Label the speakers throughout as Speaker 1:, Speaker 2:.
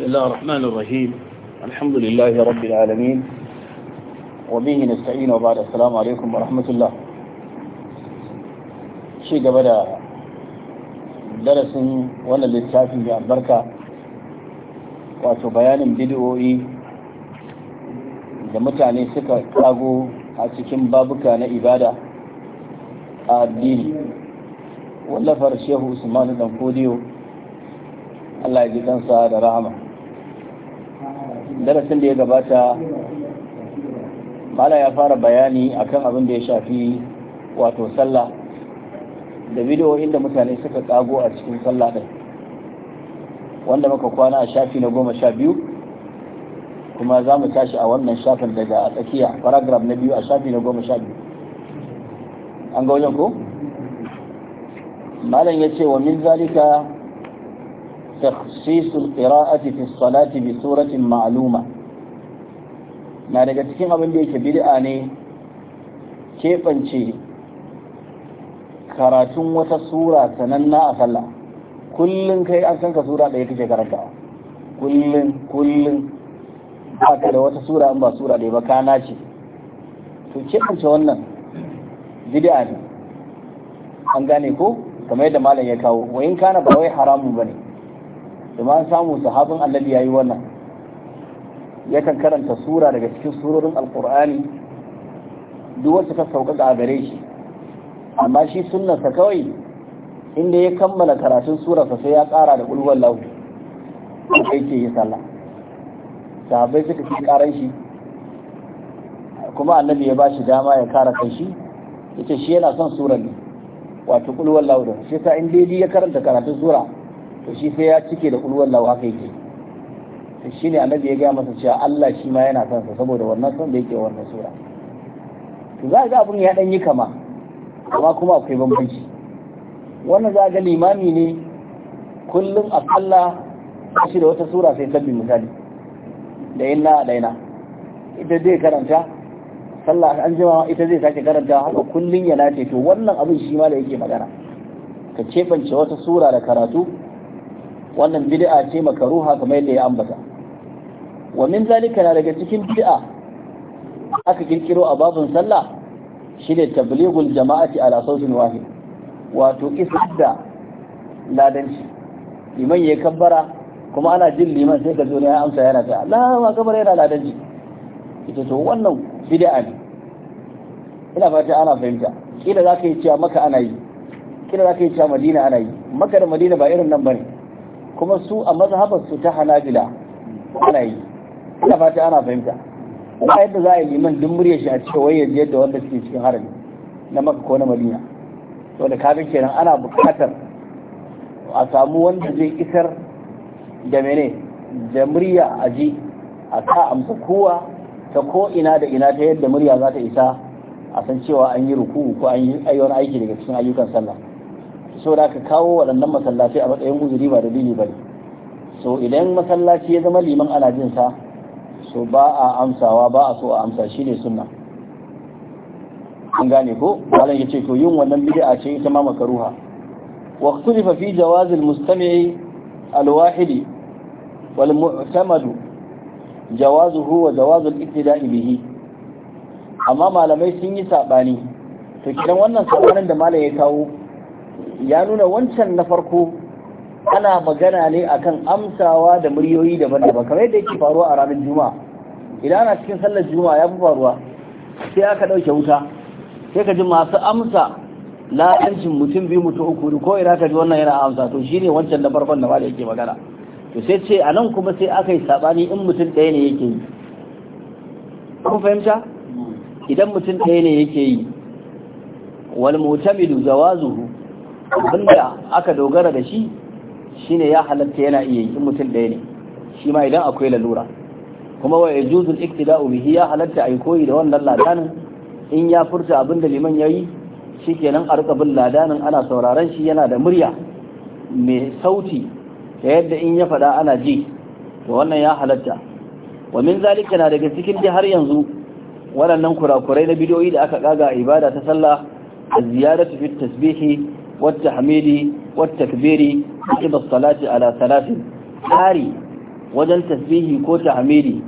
Speaker 1: بسم الله الرحمن الرحيم الحمد لله رب العالمين وبه نستعين وبعد السلام عليكم ورحمة الله شيء قبل درس ولا للتافي البركة wato bayanin bidiyoyi da mutane suka kago a cikin babuka na ibada a addini wallafar shehu usmanu dan kodiyo allah ya ji kansa da rahama darasin da ya gabata mala ya fara bayani akan abin da ya shafi wato sallah da bidiyoyin inda mutane suka kago a cikin sallah ɗin wanda muka kwana a shafi na goma sha biyu kuma za mu tashi a wannan shafin daga tsakiya paragraf na biyu a shafi na goma sha biyu an ga wajen ko malam ya ce wa min zalika تخصيص القراءة في الصلاة بسورة معلومة na daga cikin abin da yake bid'a ne keɓance karatun wata sura sananna a sallah kullum kai an san ka sura ɗaya kake karantawa kullum kullum ba ka da wata sura in ba sura ɗaya ba kana ce to keɓance wannan bid'a ne an gane ko kamar da malam ya kawo wayin kana ba wai haramun ba ne kuma an samu sahabin annabi yayi wannan yakan karanta sura daga cikin surorin alqur'ani duk wacce ta sauka a gare shi amma shi sunnarsa kawai inda ya kammala karatun surarsa sai ya ƙara da ƙulwar lahu kai ke yi sallah sahabbai suka ci ƙaran shi kuma annabi ya ba shi dama ya kara kan shi ya ce shi yana son surar ne wato ƙulwar lahu da shi sa in daidai ya karanta karatun sura to shi sai ya cike da kulwan lawa haka yake to shi ne annabi ya gaya masa cewa Allah shi ma yana son sa saboda wannan son da yake wannan sura to za ga abun ya dan yi kama amma kuma akwai bambanci wannan za ga limami ne kullum a kalla shi da wata sura sai sabbi misali da inna da ina ita zai karanta sallah an jima ita zai sake karanta haka kullum ya nace to wannan abin shi ma da yake magana ka cebance wata sura da karatu wannan bid'a ce makaruha kamar yadda ya ambata wa min zalika na daga cikin bid'a aka kirkiro a babun sallah shine tablighul jama'ati ala sautin wahid wato isar da ladanci liman ya kabbara kuma ana jin liman sai ka zo ne ya amsa yana ta Allah ma kabbara yana ladanci ita to wannan bid'a ne ina fata ana fahimta kila zaka yi cewa maka ana yi kila zaka yi cewa Madina ana yi maka da Madina ba irin nan bane kuma su a mazhabar su ta hanabila ana yi ina fata ana fahimta ba yadda za a yi liman duk murya shi a cikin wayar yadda wanda suke cikin harami na maka ko na madina to da kafin kenan ana bukatar a samu wanda zai isar da mene da murya a ji a sa amsa kowa ta ko ina da ina ta yadda murya za ta isa a san cewa an yi ruku ko an yi ayyukan aiki daga cikin ayyukan sallah so da ka kawo waɗannan masallaci a matsayin guzuri ba dalili ba ne so idan masallaci ya zama liman ana jin sa so ba a amsawa ba a so a amsa shi ne sunna an gane ko malam ya ce to yin wannan bid'a ce ita ma makaruha wa ikhtalifa fi jawaz al-mustami' al-wahidi wal mu'tamad jawazuhu wa jawaz al-ibtida'i bihi amma malamai sun yi sabani to kidan wannan sabanin da malam ya kawo ya nuna wancan na farko ana magana ne akan amsawa da muryoyi daban-daban kamar yadda yake faruwa a ranar juma'a idan ana cikin sallar juma'a ya fi faruwa sai aka ɗauke wuta sai ka ji masu amsa la'ancin mutum biyu mutum uku ko ina ka ji wannan yana amsa to shine wancan na farkon da ma yake magana to sai ce a nan kuma sai aka yi saɓani in mutum ɗaya ne yake yi kun fahimta idan mutum ɗaya ne yake yi wal mutamidu zawazuhu da aka dogara da shi shine ya halatta yana iya yi mutum ɗaya ne shi ma idan akwai lalura kuma wa juzul iktida'u bihi ya halatta ai koyi da wannan ladanin in ya furta abinda liman yayi shikenan a rika bin ladanin ana sauraron shi yana da murya mai sauti da yadda in ya faɗa ana ji to wannan ya halatta wa min zalika na daga cikin da har yanzu waɗannan kurakurai na bidiyoyi da aka kaga ibada ta sallah ziyaratu fi tasbihi والتحميد والتكبير عقب الصلاة على ثلاث قاري wajen tasbihi ko tahmidi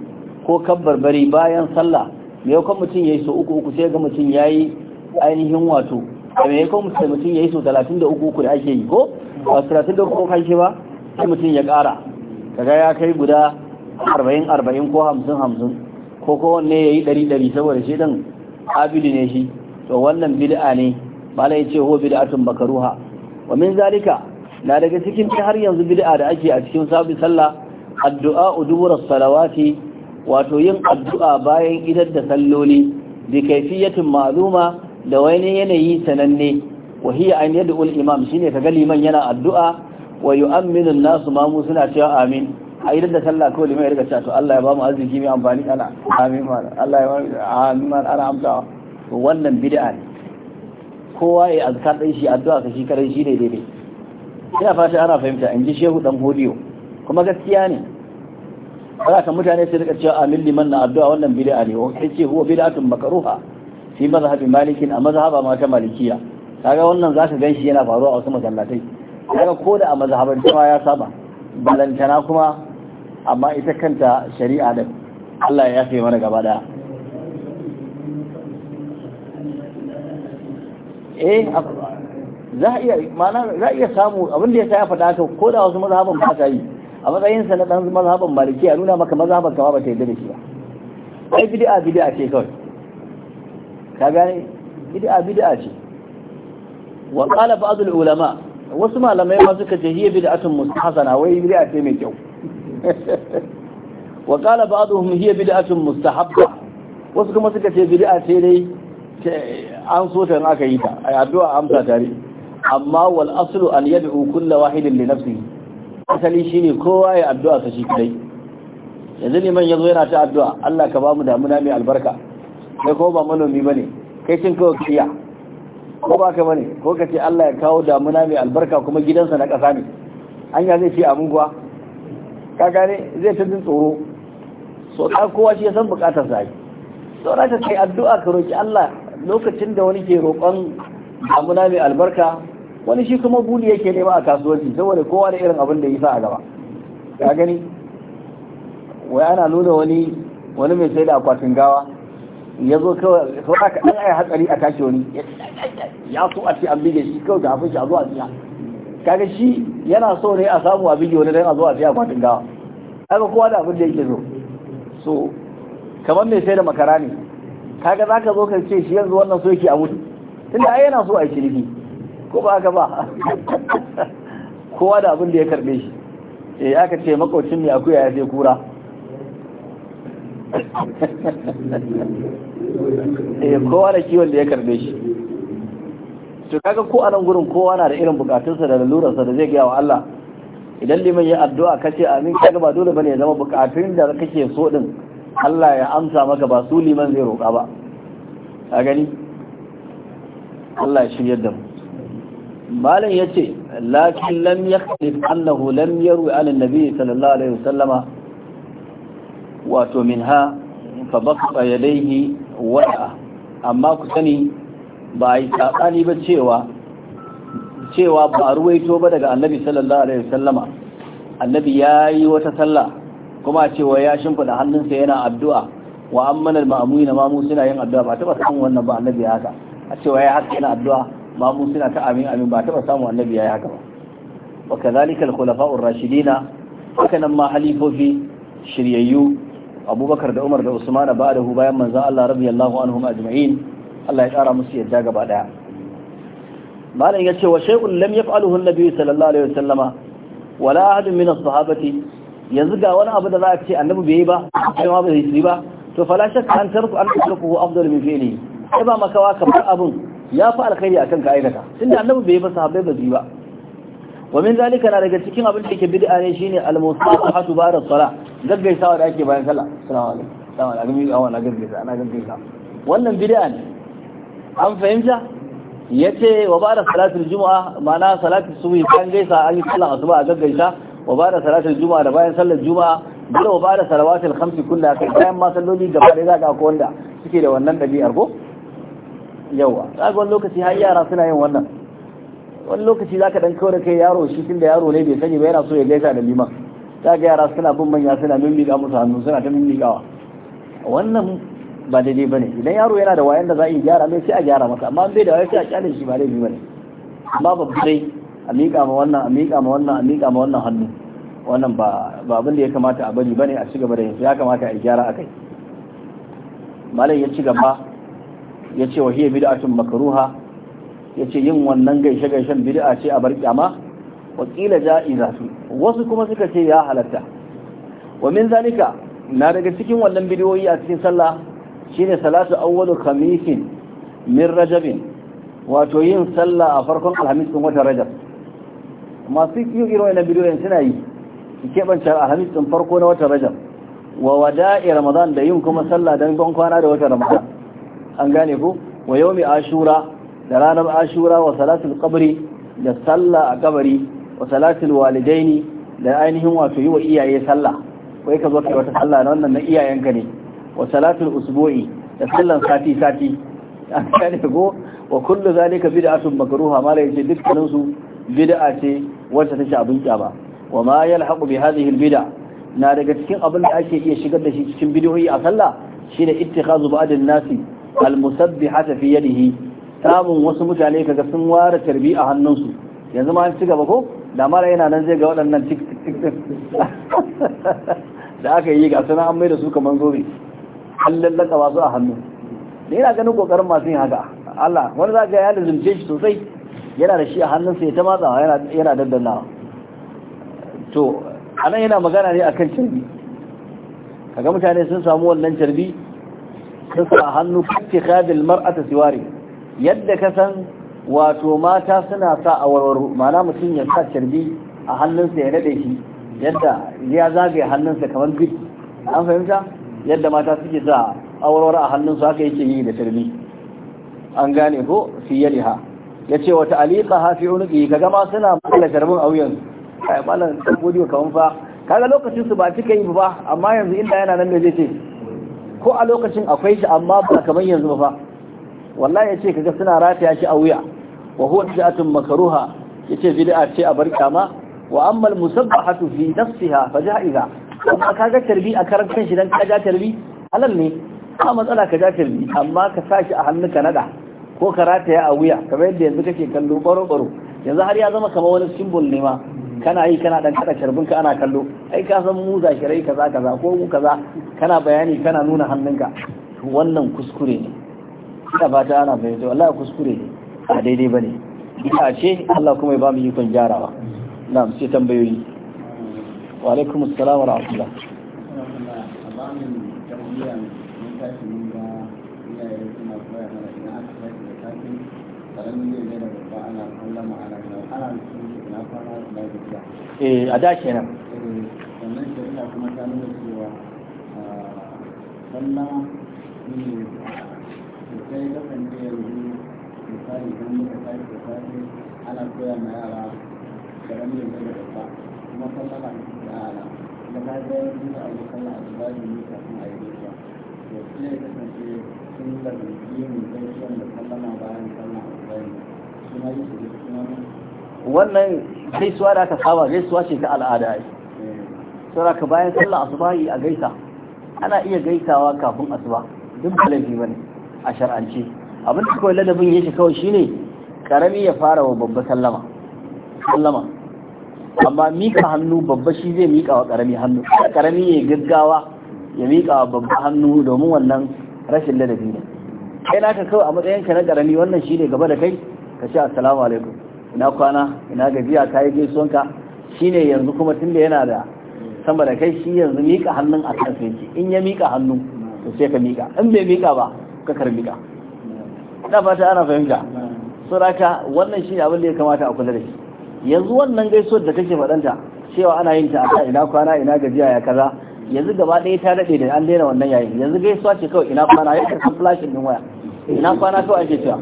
Speaker 1: ko كبر بري bayan sallah me yakan mutum yayi so uku uku sai ga mutum yayi ainihin wato me yakan mutum yayi so uku da ake yi ko ba 33 ko kai shi ba sai mutum ya ƙara kaga ya kai guda arba'in arba'in ko hamsin hamsin ko ko ya yayi 100 100 saboda shi abidi ne shi to wannan bid'a ne mala yace ho bid'atun makruha wa min zalika na daga cikin har yanzu bid'a da ake a cikin sabbi sallah addu'a udubur salawati wato yin addu'a bayan idan da salloli bi kaifiyatin ma'luma da wani yanayi sananne wa hiya an yad'u al-imam shine kaga liman yana addu'a wa yu'minu an-nasu ma mu suna cewa amin a idan da sallah ko liman ya riga cewa to Allah ya ba mu arziki mai amfani ana amin ma Allah ya ba mu amin ma ana amsawa wannan bid'a ne kowa ya yi ɗin shi addu'a ka shi karen shi ne daidai ina fata ana fahimta in ji shehu dan hodiyo kuma gaskiya ne ba ka mutane sai rika cewa amin liman na addu'a wannan bid'a ne kai ce huwa bid'atun makruha fi mazhabin malikin a mazhaba ma ta malikiya kaga wannan zaka ganshi yana faruwa a wasu masallatai kaga ko da a mazhaban ya saba balantana kuma amma ita kanta shari'a da Allah ya yafe mana gaba daya eh za a iya mana za a iya samu abinda ya sa faɗa haka ko da wasu mazhaban ba ta yi a matsayin sa na ɗan mazhaban maliki a nuna maka mazhaban kama ba ta yi da shi ba ai bid'a bid'a ce kawai ka gane bid'a bid'a ce wa qala ba'd ulama wasu malamai ma suka ce hiya bid'atun mustahsana wai bid'a ce mai kyau wa qala ba'dhum hiya bid'atun mustahabba wasu kuma suka ce bid'a ce dai an so ta aka yi ta ai addu'a amsa tare amma wal aslu an yad'u kullu wahidin li nafsihi asali shine kowa ya addu'a sa shi kai yanzu ne man yazo yana ta addu'a Allah ka bamu damuna mai albarka kai ko ba manomi bane kai kin kawo kiya ko ba ka bane ko kace Allah ya kawo damuna mai albarka kuma gidansa na kasa ne anya zai ci amin guwa ka gane zai ta jin tsoro so ka kowa shi ya san bukatar sa yi ta kai addu'a ka roki Allah lokacin da wani ke roƙon damuna mai albarka wani shi kuma buli yake nema a kasuwanci saboda kowa da irin abin da yi sa a gaba ya gani wai ana nuna wani wani mai sai da akwatin gawa ya zo kawai sau aka ɗan aya hatsari a tashi wani ya so a ce an bige shi kawai kafin shi a zo a siya kaga shi yana so ne a samu a bige wani don a zo a siya akwatin gawa kaga kowa da abin da yake so so kamar mai sai da makara ne kaga zaka zo ka ce shi yanzu wannan so yake a wuri tunda ai yana so a shirki ko ba haka ba kowa da abin da ya karbe shi eh aka ce makocin ne akuya ya sai kura eh kowa da kiwon da ya karbe shi to kaga ko a nan gurin kowa na da irin bukatunsa da lalurarsa da zai gaya wa Allah idan liman ya addu'a kace amin kaga ba dole bane ya zama bukatun da kake so din Allah ya amsa maka ba su liman zai roƙa ba a gani Allah ya shirya da mu malam ce lakin lam yakhlif annahu lam ruwa an nabi sallallahu alaihi wasallama wato min ha fa baqa yadayhi wa'a amma ku sani ba yi sabani ba cewa cewa ba ruwaito ba daga annabi sallallahu alaihi wasallama annabi ya yi wata sallah kuma cewa ya shimfida hannunsa yana addu'a wa amman al-ma'muni na mamu suna yin addu'a ba taba samun wannan ba annabi ya haka a cewa ya haka yana addu'a mamu suna ta amin amin ba taba samun annabi ya haka ba wa kadhalika al-khulafa'ur rashidina haka nan ma halifofi shiryayyu abubakar da umar da usman da ba'dahu bayan manzon Allah radiyallahu anhum ajma'in Allah ya kara musu yadda gaba daya malam ya ce wa shay'un lam yaf'aluhu an-nabi sallallahu alaihi wasallama wala ahadun min as-sahabati yanzu ga wani abu da za a ce annabi bai yi ba sai ma bai yi ba to fala shakka an tarku an tarku afdal min fi'li sai ba makawa kamar abun ya fi alkhairi akan ka aikata tunda annabi bai yi ba sahabbai ba yi ba wa min zalika na daga cikin abin da yake bid'a ne shine al-musafahatu bada da gaggaisawa da ake bayan sallah assalamu alaikum salamu alaikum awana gaggaisa ana gaggaisa wannan bid'a ne an fahimta yace wa bada salatul jumu'a ma'ana salatul subhi kan gaisa an yi sallah asuba a gaggaisa wa ba da salatul juma da bayan sallar juma, dole wa ba da salawatul khamsi kulla kai bayan ma salloli gaba da zaka ko wanda suke da wannan dabi'ar ko yawa zaka wani lokaci har yara suna yin wannan wani lokaci zaka dan kawar da kai yaro shi tunda yaro ne bai sani ba yana so ya gaisa da liman zaka yara suna bin manya suna mimmiƙa musu hannu suna ta mimmiƙawa wannan ba daidai bane idan yaro yana da wayan da za a yi gyara mai sai a gyara masa amma bai da wayan sai a kyale shi ba dai bane amma dai a miƙa ma wannan a miƙa ma wannan a miƙa ma wannan hannu wannan ba abin da ya kamata a bari bane a cigaba da yanzu ya kamata a gyara akai malam ya ci gaba ya ce wa bid'atun makruha ya ce yin wannan gaishe gaishen bid'a ce a bar kyama wa ja'iza su wasu kuma suka ce ya halatta wa min zalika na daga cikin wannan bidiyoyi a cikin sallah shine salatu awwalu khamisin min rajabin wato yin sallah a farkon alhamis din watan rajab masu yin irin wannan bidiyoyin suna yi su keɓance alhamis ɗin farko na watan rajab wa wada'i ramadan da yin kuma sallah don ban kwana da watan ramadan an gane ku wa yaumi ashura da ranar ashura wa salatul qabri da sallah a kabari wa salatul walidaini da ainihin wato yi wa iyaye sallah wai ka zo kai wata sallah na wannan na iyayenka ne wa salatul usbu'i da sallan sati sati an gane ku wa kullu zalika bid'atun makruha mala yace dukkanin su bid'a ce wacce take abin kyama wa ma yalhaqu bi hadhihi albid'a na daga cikin abin da ake iya shigar da shi cikin bid'o'i a sallah shine ittikhazu ba'd an-nasi al-musabbihata fi yadihi samun wasu mutane kaga sun ware tarbi a hannunsu yanzu ma an ci gaba ko da mara yana nan zai ga waɗannan tik tik tik da aka yi ga sana an mai da su kamar zobe an lallaka ba su a hannu da yana ganin kokarin masu yin haka Allah wani za ka ya da zumce shi sosai yana da shi a hannunsa ya ta matsawa yana daddana to anan yana magana ne akan carbi kaga mutane sun samu wannan carbi sun sa hannu fi khadil mar'ata siwari yadda ka san wato mata suna sa a warwaro mana mutum ya sa carbi a hannunsa ya nade shi yadda ya zagaye hannunsa kamar bit an fahimta yadda mata suke sa a warwaro a hannunsu haka yake yi da carbi an gane ko fiyaliha ha. ya ce wata alika hafi unuki ka gama suna makala sharbin a wuyan kai malam ta godiyo kawan fa kaga lokacin su ba cika yi ba amma yanzu inda yana nan da zai ce ko a lokacin akwai shi amma ba kamar yanzu ba fa wallahi ya ce kaga suna rataya shi a wuya wa huwa makaruha makruha yace bid'a ce a bar kyama wa amma al-musabbahatu fi nafsiha fa ja'iza amma kaga tarbi a karan kanshi dan kaja tarbi halal ne ba matsala ka ja tarbi amma ka sashi a hannunka nada ko ka rataya a wuya kamar yadda yanzu kake kallo baro baro yanzu har ya zama kamar wani simbol ne ma kana yi kana dan kada ka ana kallo ai ka san mu zakirai kaza kaza ko mu kaza kana bayani kana nuna hannunka wannan kuskure ne ina fata ana to Allah kuskure ne a daidai bane ina ce Allah kuma ya ba mu ikon gyarawa na'am sai tambayoyi wa alaikumus salam wa rahmatullah Eh, a da kenan
Speaker 2: sannan eh, kuma ta nuna cewa ah, ne da ana koya ma yara karami yanzu da babba kuma da da da a tsibari ne kafin a yi gaisuwa to sai kasance sun da zuci mu gaisuwan da bayan sallama
Speaker 1: wannan gaisuwa da aka saba gaisuwa ce ta al'ada ne saboda ka bayan sallah asuba yi a gaisa ana iya gaisawa kafin asuba duk da laifi bane a shar'ance abin da kawai ladabin yake kawai shine karami ya fara wa babba sallama sallama amma mika hannu babba shi zai mika wa karami hannu karami ya gaggawa ya mika wa babba hannu domin wannan rashin ladabi ne kai naka kawai a matsayinka na karami wannan shi ne gaba da kai ka ce assalamu alaikum ina kwana ina gajiya gaisuwan gaisuwanka shi ne yanzu kuma tunda yana da sama da kai shi yanzu miƙa hannun a kan yake in ya miƙa hannu to sai ka miƙa in bai miƙa ba ka kar miƙa ina fata ana fahimta saboda wannan shi ne abin da ya kamata a kula da shi yanzu wannan gaisuwar da kake faɗanta cewa ana yin ta a ina kwana ina gajiya ya kaza yanzu gaba ɗaya ta daɗe da an daina wannan yayin yanzu gaisuwa ce kawai ina kwana ya karɓi flashin ɗin waya ina kwana kawai ake cewa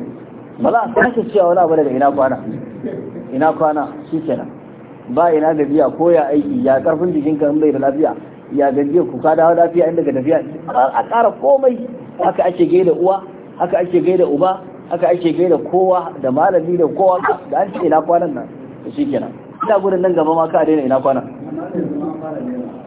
Speaker 1: ba za a sake cewa wani abu daga ina kwana ina kwana shi kenan ba ina gajiya ko ya aiki ya karfin jikinka in bai da lafiya ya gajiya ku ka dawo lafiya inda ga tafiya a ƙara komai haka ake da uwa haka ake da uba haka ake da kowa da malami da kowa da an ce ina kwanan nan shi kenan ina gudun nan gaba ma ka daina ina kwanan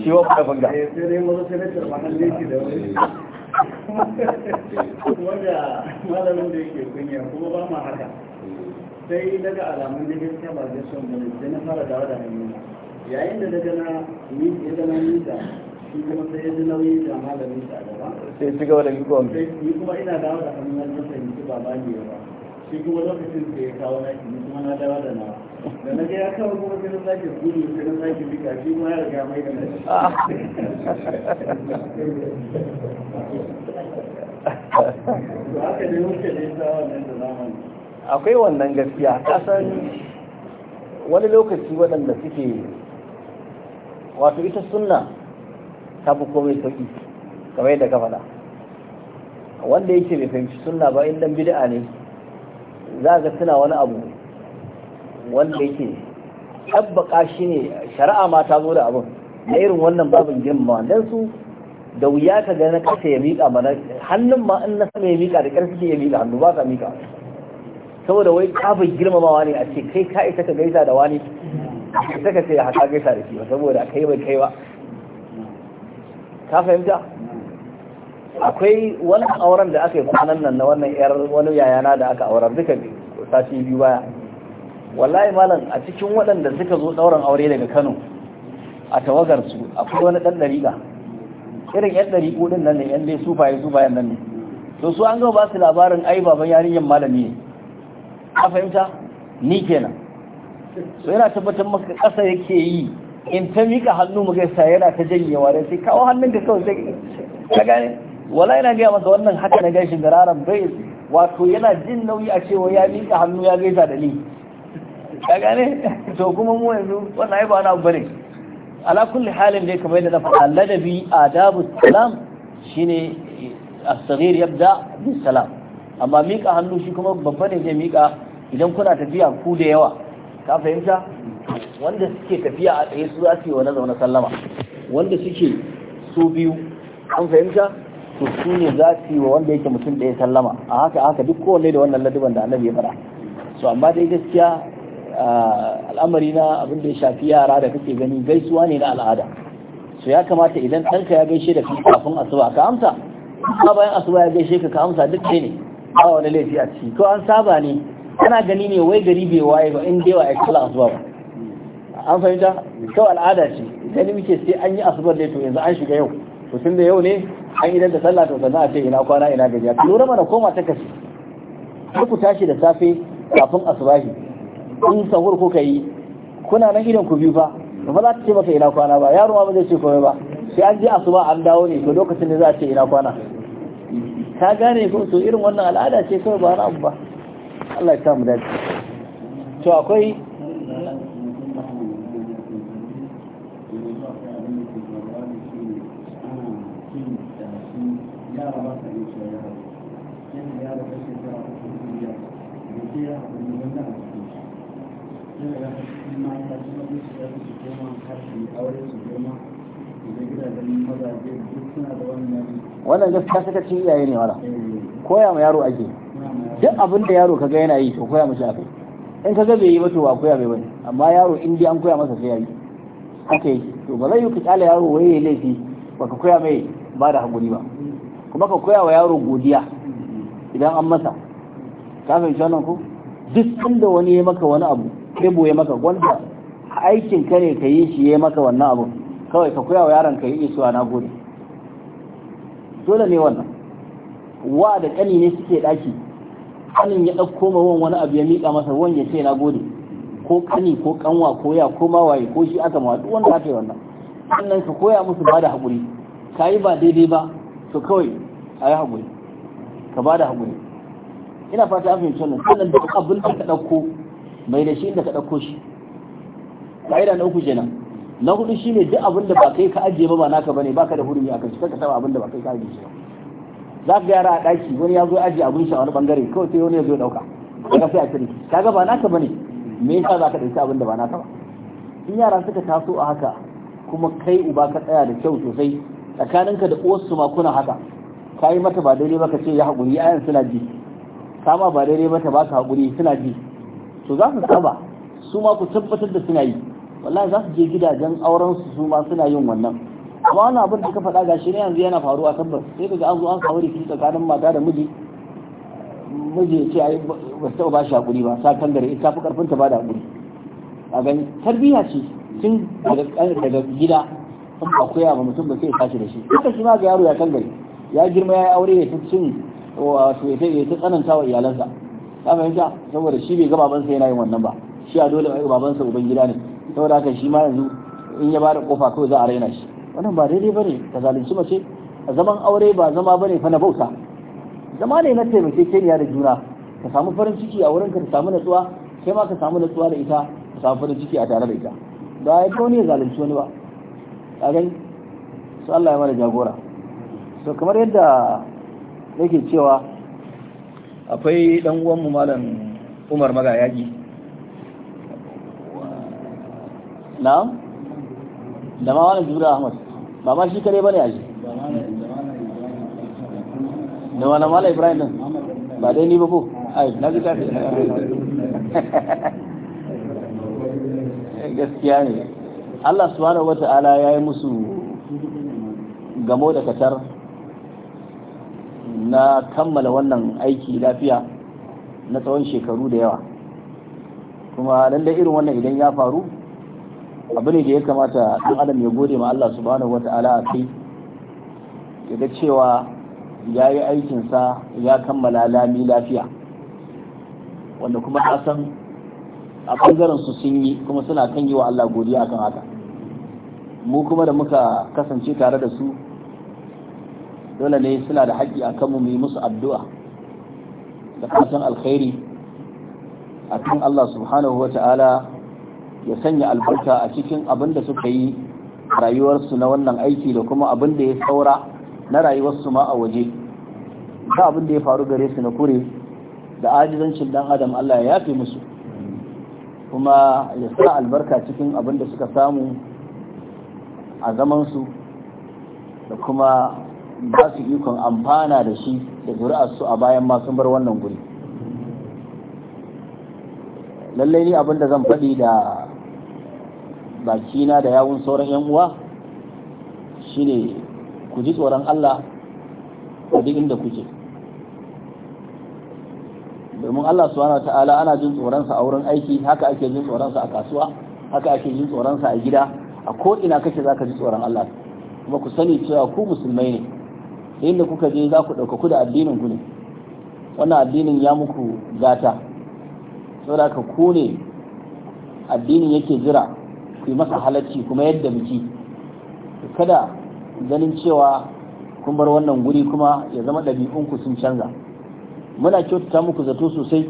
Speaker 2: shi wa ba fanga eh, sai da malamin da yake kunya kuma ba ma haka sai daga alamun da gaskiya ba zai son bane sai na fara dawo da hanyoyi
Speaker 1: yayin da daga na ni ya zama ni da shi kuma sai ya ji nauyi da malamin sa gaba sai ci gaba da yi kuma ina dawo da hannun na fahimci ba ba ne ba akwai wannan gaskiya kasan wani lokaci waɗanda suke wato ita sunna ta fi komai sauƙi kamar yadda ka faɗa wanda yake mai fahimci sunna ba in dan bid'a ne za ga suna wani abu wanda yake tabbaka shi ne shari'a ma ta zo da abin na irin wannan babin girma don su da wuya ka gani na kasa ya miƙa mana hannun ma in na sama ya miƙa da ƙarfi ya miƙa hannu ba ka miƙa saboda wai kafin girmamawa ne a ce kai ka isa ka gaisa da wani ka ce haka gaisa da shi ba saboda kai bai kai ba ka fahimta akwai wani auren da aka yi kwanan nan na wannan yar wani yayana da aka aurar duka sati biyu baya wallahi malam a cikin waɗanda suka zo ɗauran aure daga kano a tawagar su akwai wani ɗan ɗariƙa irin yan ɗariƙo ɗin nan ne yan dai sufaye sufayen nan ne to su an gama ba su labarin ai baban yarinyar malami ne a fahimta ni kenan so yana tabbatar maka ƙasa yake yi in ta miƙa hannu mu gaisa yana ta janyewa da sai kawo hannun da kawai sai ka gane wala yana gaya masa wannan haka na gashin gararan bai wato yana jin nauyi a cewa ya miƙa hannu ya gaisa da ni ka gane to kuma mu yanzu wannan ai ba na bane ala kulli halin dai kamar yadda na faɗa ladabi adabu salam shine eh, as-saghir yabda bis salam amma miƙa hannu shi kuma babba ne zai miƙa idan kuna tafiya ku da yawa ka fahimta wanda suke tafiya a tsaye su za su yi wa na zaune sallama wanda suke su biyu an fahimta to su ne za su yi wa wanda yake mutum da ya sallama a haka haka duk kowanne da wannan ladiban da annabi ya faɗa so amma dai gaskiya al'amari na abin da ya shafi yara da kake gani gaisuwa ne na al'ada so ya kamata idan ɗanka ya gaishe da kafin asuba ka amsa ba bayan asuba ya gaishe ka ka amsa duk ne ba wani laifi a ciki to an saba ne ana gani ne wai gari bai waye ba in dai wa ya kala asuba ba an fahimta kawai al'ada ce gani muke sai an yi asubar ne to yanzu an shiga yau to tun da yau ne an idan da sallah to sannan a ce ina kwana ina gajiya ka lura mana koma ta kashi ku tashi da safe kafin asubahi in sahur ku yi kuna nan idan ku biyu fa ba za ta ce maka ina kwana ba yaro ma ba zai ce komai ba sai an je asuba an dawo ne to lokacin da za a ce ina kwana ka gane ko to irin wannan al'ada ce kawai ba na abu ba Allah ya sa mu dace to akwai wannan gaskiya suka ce iyaye ne wala koya ma yaro ake duk abin da yaro kaga yana yi to koya mashi akai in kaga bai yi ba to ba koya bai bane amma yaro in dai an koya masa sai yayi ake yi to ba zai yi kyale yaro waye laifi baka koya mai ba da hakuri ba kuma ka koya wa yaro godiya idan an masa ka fahimci wannan ko duk inda wani ya maka wani abu sai boye maka gwanda aikin ka ne ka yi shi ya maka wannan abu kawai ka koya wa yaron ka yi isu a nagode. dole ne wannan wa da kani ne suke daki kanin ya ɗauko ma wani abu ya miƙa masa wani ya ce na gode ko kani ko kanwa ko ya ko mawaye ko shi aka mawa duk wanda aka yi wannan sannan ka koya musu ba da haƙuri ka yi ba daidai ba to kawai a yi haƙuri ka ba da haƙuri ina fata a fahimci wannan sannan duk abin da ka ɗauko mai da shi inda ka ɗauko shi ƙa'ida na uku kenan na hudu shi ne duk abin da ba kai ka ajiye ba ba naka bane ka da hurumi a shi ka saba abin da ba kai ka ajiye ba za ka ga yara a ɗaki wani ya zo ajiye abin shi a wani bangare kawai sai wani ya zo ɗauka ka sai a cire kaga ba naka bane me yasa za ka ɗauki abin da ba naka ba in yara suka taso a haka kuma kai uba ka tsaya da kyau sosai tsakaninka da uwarsu ma kuna haka ka yi mata ba daidai ba ka ce ya haƙuri ayan suna ji kama ba daidai ba ta ba ka haƙuri suna ji to za su saba su ma ku tabbatar da suna yi wallahi za su je gidajen auren su su ma suna yin wannan amma wannan abin da ka faɗa gashi ne yanzu yana faruwa tabbas sai daga an zo an samu rikici tsakanin mata da miji miji ya ce ai ba su taɓa ba shi hakuri ba sa tangare, gare ita fi karfin ta ba da hakuri a gani tarbiyya ce tun daga gida in ba koya ba mutum ba sai ya tashi da shi haka shi ma ga yaro ya kan gare ya girma ya yi aure ya ta cin wato ya ta tsananta wa iyalansa ka fahimta saboda shi bai ga babansa yana yin wannan ba shi a dole ga babansa uban gida ne saboda haka shi ma yanzu in ya ba da kofa kawai za a raina shi wannan ba daidai bane ka zalunci mace a zaman aure ba zama bane fa na bauta zama ne na taimakekeniya da juna ka samu farin ciki a wurinka ka samu natsuwa sai ma ka samu natsuwa da ita ka samu farin ciki a tare da ita ba ya kawo ne zalunci wani ba a gani su Allah ya mana jagora so kamar yadda nake cewa akwai dan mu malam umar magayaki na'am da ma malam jibril ahmad ba ma shi kare bane aji da malam malam ibrahim din ba dai ni ba ko ai na ji kafi gaskiya ne Allah subhanahu wata'ala ya yi musu gamo da katar na kammala wannan aiki lafiya na tsawon shekaru da yawa kuma lallai irin wannan idan ya faru abu ne da ya kamata ɗan adam ya gode ma Allah subhanahu wata'ala a kai ya cewa ya yi aikinsa ya kammala lami lafiya wanda kuma ta san a ɓangaren su sun yi kuma suna kan yi wa Allah godiya akan haka mu kuma da muka kasance tare da su dole ne suna da haƙƙi a kanmu mu musu addu'a da fatan alkhairi a kan Allah subhanahu wa ta'ala ya sanya albarka a cikin abin da suka yi rayuwarsu na wannan aiki da kuma abin da ya saura na rayuwarsu ma a waje Za abin da ya faru gare su na kure da ajizancin dan adam Allah ya yafe musu kuma ya sa albarka cikin abin da suka samu a zamansu da kuma ba su ikon amfana da shi da su a bayan masu bar wannan guri lallai ni abinda zan faɗi da bakina da yawun sauran 'yan uwa shine ku ji tsoron Allah a duk inda kuke domin Allah subhanahu ta'ala ana jin tsoronsa a wurin aiki haka ake jin tsoronsa a kasuwa haka ake jin tsoronsa a gida a ko ina kake ka ji tsoron Allah kuma ku sani cewa ku musulmai ne da inda kuka je za ku ɗaukaku da addinin ku ne wannan addinin ya muku gata saboda ka ku ne addinin yake jira ku yi masa halacci kuma yadda muke kada ganin cewa kun bar wannan guri kuma ya zama ku sun canza muna kyautata muku zato sosai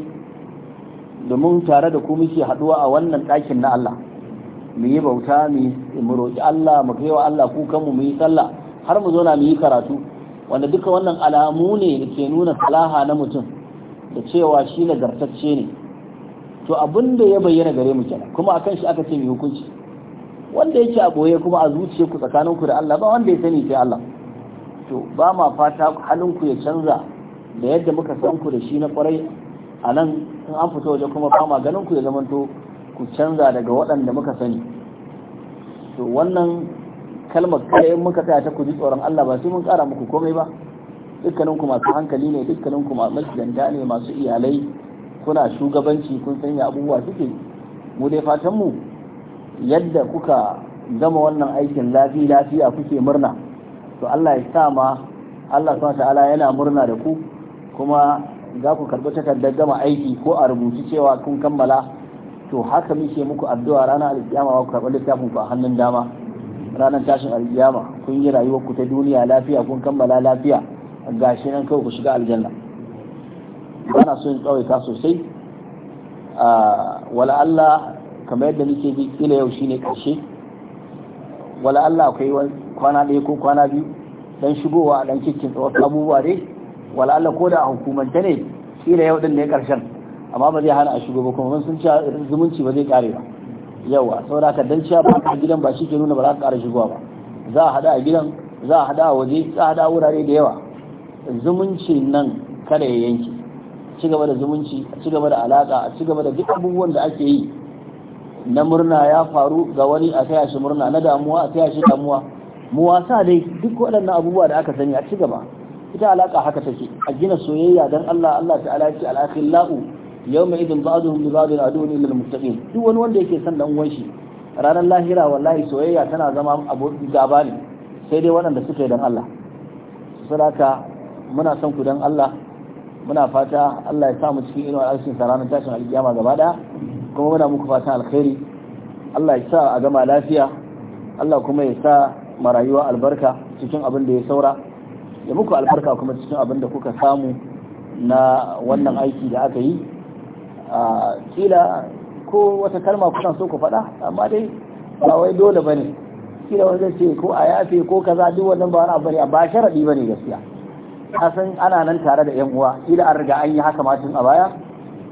Speaker 1: domin tare da ku muke haɗuwa a wannan ɗakin na Allah mu yi bauta mu roƙi Allah mu kai wa Allah kukanmu mu yi sallah har mu zauna mu yi karatu wanda duka wannan alamu ne da ke nuna salaha na mutum da cewa shi nagartacce ne to abin da ya bayyana gare mu kenan kuma akan shi aka ce mai hukunci wanda yake a boye kuma a zuciya ku tsakanin ku da Allah ba wanda ya sani sai Allah to ba ma fata halin ku ya canza da yadda muka san ku da shi na kwarai a nan in an fito waje kuma ba ma ganin ku ya zamanto ku canza daga waɗanda muka sani to wannan kalmar kai muka tsaya ta ku ji tsoron Allah ba sai mun ƙara muku komai ba dukkanin masu hankali ne dukkanin masu ganda ne masu iyalai kuna shugabanci kun ya abubuwa suke mu dai fatan mu yadda kuka gama wannan aikin lafi lafiya kuke murna to Allah ya sa ma Allah subhanahu ta'ala yana murna da ku kuma za ku karɓi takardar gama aiki ko a rubuci cewa kun kammala to haka muke muku addu'a ranar alƙiyama ku karɓi littafin ku a hannun dama ranar tashin aljiyama kun yi rayuwar ku ta duniya lafiya kun kammala lafiya ga shi nan kawai ku shiga aljanna bana so in tsawaita sosai wala Allah kamar yadda nake ji kila yau shine karshe wala Allah akwai kwana ɗaya ko kwana biyu dan shigowa a dan kikkin wasu abubuwa dai wala Allah ko da a hukumance ne kila yau din ne karshen amma ba zai hana a shigo ba kuma sun ci zumunci ba zai kare ba yawa saboda ka dan ciya ba a gidan ba shi ke nuna ba za ka ƙara shigowa ba za a hada a gidan za a hada a waje za a hada wurare da yawa zumunci nan kada ya yanke ci gaba da zumunci a ci gaba da alaka a ci gaba da duk abubuwan da ake yi na murna ya faru ga wani a taya shi murna na damuwa a taya shi damuwa mu wasa dai duk waɗannan abubuwa da aka sani a ci gaba ita alaka haka take a gina soyayya dan Allah Allah ta'ala ya ce la'u. yau mai ba'dhum li ba'dhin aduwwun illa al-muttaqin duk wani wanda yake son dan uwan shi ranar lahira wallahi soyayya tana zama abu gaba ne sai dai waɗanda suka yi dan Allah sadaka muna son ku dan Allah muna fata Allah ya sa mu cikin irin arshin sa ranar tashin alkiyama gaba daya kuma muna muku fatan alkhairi Allah ya sa a gama lafiya Allah kuma ya sa marayuwa albarka cikin abin da ya saura ya muku albarka kuma cikin abin da kuka samu na wannan aiki da aka yi kila ko wata kalma kuna so ku faɗa amma dai ba wai dole ba ne kila wanda ce ko a yafe ko kaza duk wannan ba wani abu ba sharaɗi ba ne gaskiya kasan ana nan tare da yan uwa kila an riga an yi haka matin a baya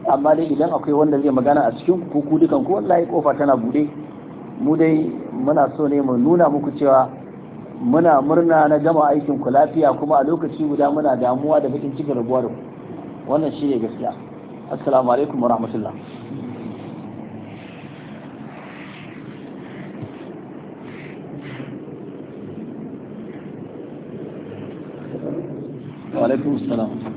Speaker 1: amma dai idan akwai wanda zai magana a cikin ku ku dukan ku wallahi kofa tana bude mu dai muna so ne mu nuna muku cewa muna murna na gama aikin ku lafiya kuma a lokaci guda muna damuwa da bakin cikin rabuwa ku wannan shi ne gaskiya assalamu alaikum wa rahmatullah
Speaker 2: وعليكم السلام